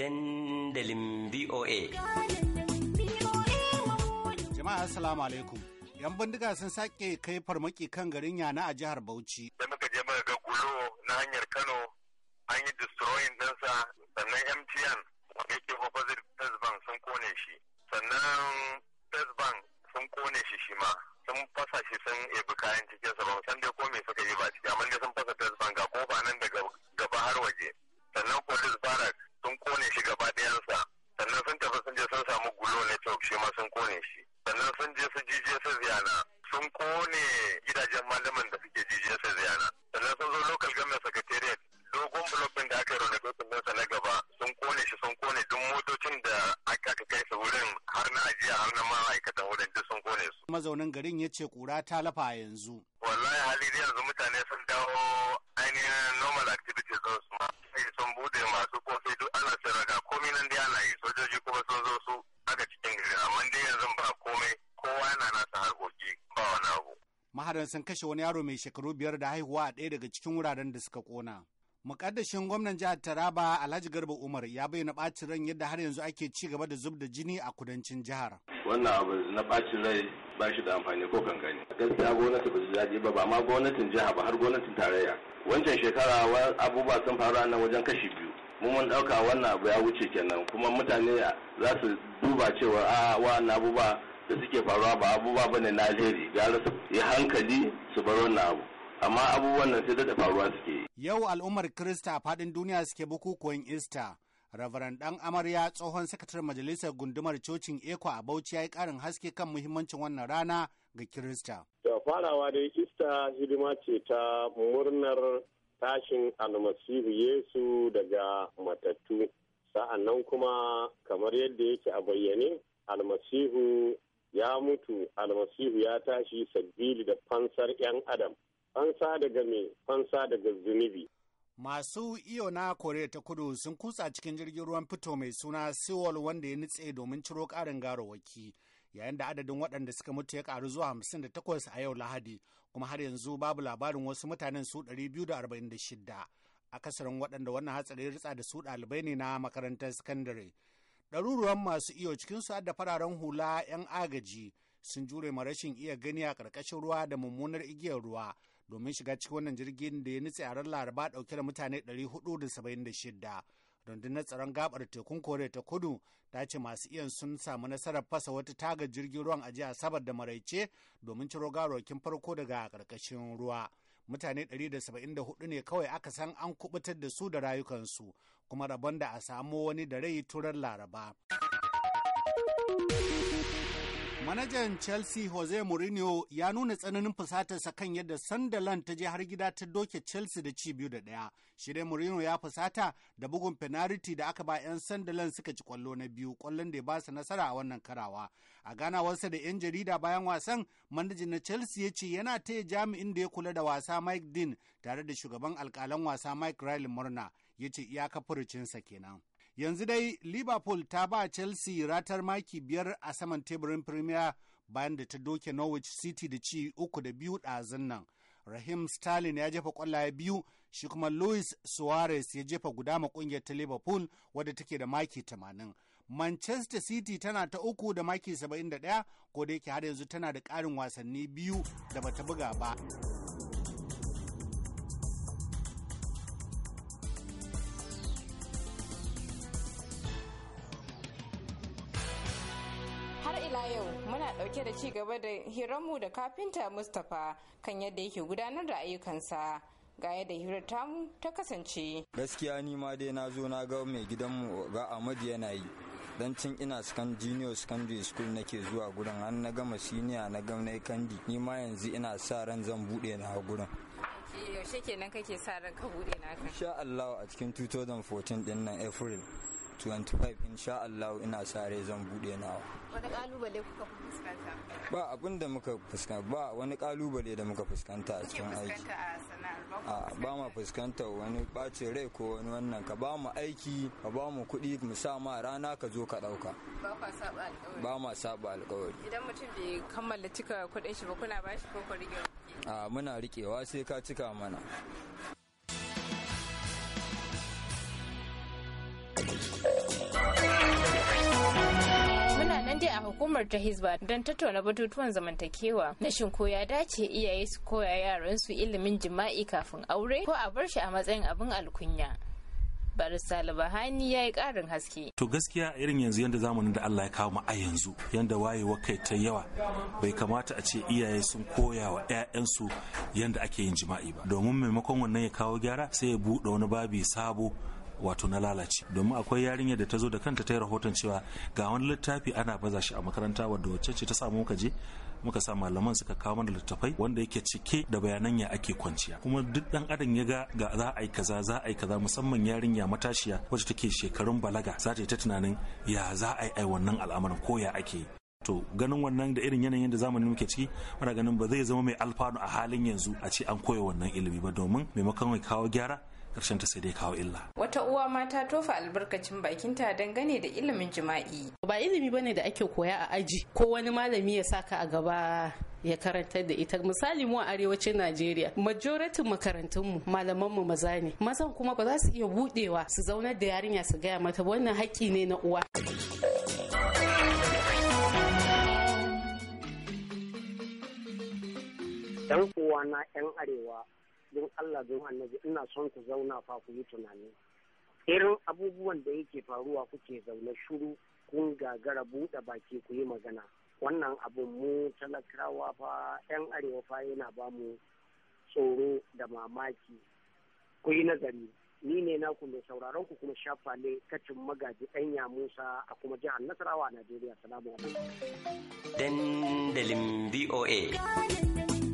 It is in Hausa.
dandalin VOA. Jama'a Assalamu alaikum. Yan bindiga sun sake kai farmaki kan garin Yana a jihar Bauchi. Da muka je muka ga gulo na hanyar Kano an yi destroying ɗinsa sannan MTN wanda yake opposite test Bank sun kone shi. Sannan test Bank sun kone shi shi ma. Sun fasa shi sun ebi kayan cikinsa ba san dai ko me suka yi ba ciki amma dai sun fasa test Bank ga kofa nan daga gaba har waje. Sannan police barak shi ma sun kone shi sannan sun je su jijiyar ziyana sun kone gidajen malaman da suke jijiyar ziyana sannan sun zo lokal government secretariat dogon blok din da aka yi renovation ɗinsa na gaba sun kone shi sun kone duk motocin da aka kai su wurin har na ajiya har na ma'aikatan wurin duk sun kone su. mazaunin garin ya ce kura ta lafa yanzu. wallahi hali yanzu mutane sun dawo ainihin normal activities sun su sun bude masu ko goge sun kashe wani yaro mai shekaru biyar da haihuwa a ɗaya daga cikin wuraren da suka ƙona. Mukaddashin gwamnan jihar Taraba Alhaji Garba Umar ya bayyana ɓacin ran yadda har yanzu ake ci gaba da zub da jini a kudancin jihar. Wannan abu na ɓacin rai ba shi da amfani ko kankani. A Gaskiya gwamnati ba su daɗi ba ba ma gwamnatin jiha ba har gwamnatin tarayya. Wancan shekara abubuwa sun faru a nan wajen kashi biyu. mun mun dauka wannan abu ya wuce kenan kuma mutane za su duba cewa a wa abu abubuwa da suke faruwa ba abubuwa ba ne na alheri gara su yi hankali su bar wannan abu amma abubuwan nan sai da faruwa suke yau al'ummar krista fadin duniya suke bukukuwan ista Reverend Dan Amarya tsohon sakataren majalisar gundumar cocin Eko a Bauchi ya yi karin haske kan muhimmancin wannan rana ga Kirista. Da farawa dai Ista hidima ce ta murnar tashin almasihu Yesu daga matattu. Sa'an nan kuma kamar yadda yake a bayyane, almasihu ya mutu almasihu ya tashi sabili da fansar 'yan adam fansa daga me fansa daga zunubi masu iyo na kore ta kudu sun kutsa cikin jirgin ruwan fito mai suna siwol wanda ya nutse domin ciro karin garowaki yayin da adadin waɗanda suka mutu ya karu zuwa 58 a yau lahadi kuma har yanzu babu labarin wasu mutanen su 246 akasarin waɗanda wannan hatsari ya ritsa da su ɗalibai ne na makarantar sakandare ɗaruruwan masu iyo cikinsu har da fararen hula 'yan agaji sun jure ma rashin iya gani a ƙarƙashin ruwa da mummunar igiyar ruwa domin shiga cikin wannan jirgin da ya nutse a ran laraba ɗauke da mutane 476 rundunar tsaron gabar tekun kore ta kudu ta ce masu iyan sun samu nasarar fasa wata tagar jirgin ruwan a jiya asabar da maraice domin ciro garokin farko daga ƙarƙashin ruwa mutane 174 ne kawai aka san an kubutar da su da rayukansu kuma rabon da a samu wani da rai turar laraba. Manajan Chelsea Jose Mourinho ya nuna tsananin fusatarsa kan yadda Sunderland ta je har gida ta doke Chelsea da ci biyu da ɗaya. Shi dai Mourinho ya fusata da bugun penalty da aka ba 'yan Sunderland suka ci kwallo na biyu, kwallon da ya ba su nasara a wannan karawa. A ganawarsa da 'yan jarida bayan wasan, manajan na Chelsea ya ce yana taya jami'in da ya kula da wasa Mike Dean tare da shugaban alkalan wasa Mike Riley murna, ya ce iyaka furucinsa kenan. Yanzu dai Liverpool ta ba Chelsea ratar maki biyar a saman teburin Premier bayan da ta doke Norwich City da ci uku da biyu ɗazun nan. Rahim Sterling ya jefa kwallaye biyu shi kuma Luis Suarez ya jefa guda ma kungiyar ta Liverpool wadda take da maki 80. Manchester City tana ta uku da maki 71 ko da yake har yanzu tana da ƙarin wasanni biyu da bata buga ba. ila yau muna ɗauke da ci gaba da hiranmu da kafinta Mustapha kan yadda yake gudanar da ayyukansa. ga yadda hirar tamu ta kasance. Gaskiya ni ma dai na zo na ga mai gidanmu ga Ahmad yanayi yi. Dan cin ina sukan junior secondary school nake zuwa gurin an na gama senior na gama kandi ni ma yanzu ina sa ran zan bude na gurin. Eh, yaushe kenan kake sa ran ka bude naka? Insha Allah a cikin 2014 din nan April. 25 insha Allah ina sare zan bude nawa wani kalubale kuka fuskanta ba abin da muka fuskanta ba wani kalubale da muka fuskanta a cikin aiki ba ma fuskanta wani bacin rai ko wani wannan ka ba mu aiki ka ba mu kuɗi mu sa ma rana ka zo ka ɗauka ba ma saba alƙawari idan mutum bai kammala cika kuɗin shi ba kuna ba shi ko ku rike a muna rikewa sai ka cika mana hukumar ta hizba don tattauna batutuwan zamantakewa na shin ko ya dace iyaye su koya yaran su ilimin jima'i kafin aure ko a bar shi a matsayin abin alkunya barista labahani ya yi karin haske to gaskiya irin yanzu yadda zamanin da allah ya kawo mu a yanzu yadda wayewa kai ta yawa bai kamata a ce iyaye sun koya wa 'ya'yansu yadda ake yin jima'i ba domin maimakon wannan ya kawo gyara sai ya buɗe wani babi sabo wato na lalace domin akwai yarinya da ta zo da kanta ta yi rahoton cewa ga wani littafi ana baza shi a makaranta wadda wacce ce ta samu muka je muka sa malaman suka kawo mana littafai wanda yake cike da bayanan ya ake kwanciya kuma duk dan adam ya ga ga za a yi kaza za a yi kaza musamman yarinya matashiya wacce take shekarun balaga za ta yi ta tunanin ya za a yi wannan al'amarin ko ya ake to ganin wannan da irin yanayin da zamani muke ciki muna ganin ba zai zama mai alfanu a halin yanzu a ce an koya wannan ilimi ba domin maimakon mai kawo gyara karshen ta sai dai kawo illa wata uwa ma ta tofa albarkacin bakinta dangane da ilimin jima'i ba ilimi ba ne da ake koya a aji ko wani malami ya saka a gaba ya karantar da ita misali mu a arewacin Najeriya majoratin malaman mu maza ne mazan kuma ba za su iya budewa su zaunar da yarinya su gaya mata wannan haƙƙi ne na uwa yan na yan arewa don Allah don annabi ina son ku zauna fa ku yi tunani irin abubuwan da yake faruwa kuke zaune shuru kun gagara buɗe baki ku yi magana wannan abun mu talakawa fa yan arewa fa yana ba mu tsoro da mamaki ku yi nazari ni ne naku mai sauraron ku kuma shafa ne kacin magaji ɗanya musa a kuma jihar nasarawa a najeriya salamu alaikum dandalin voa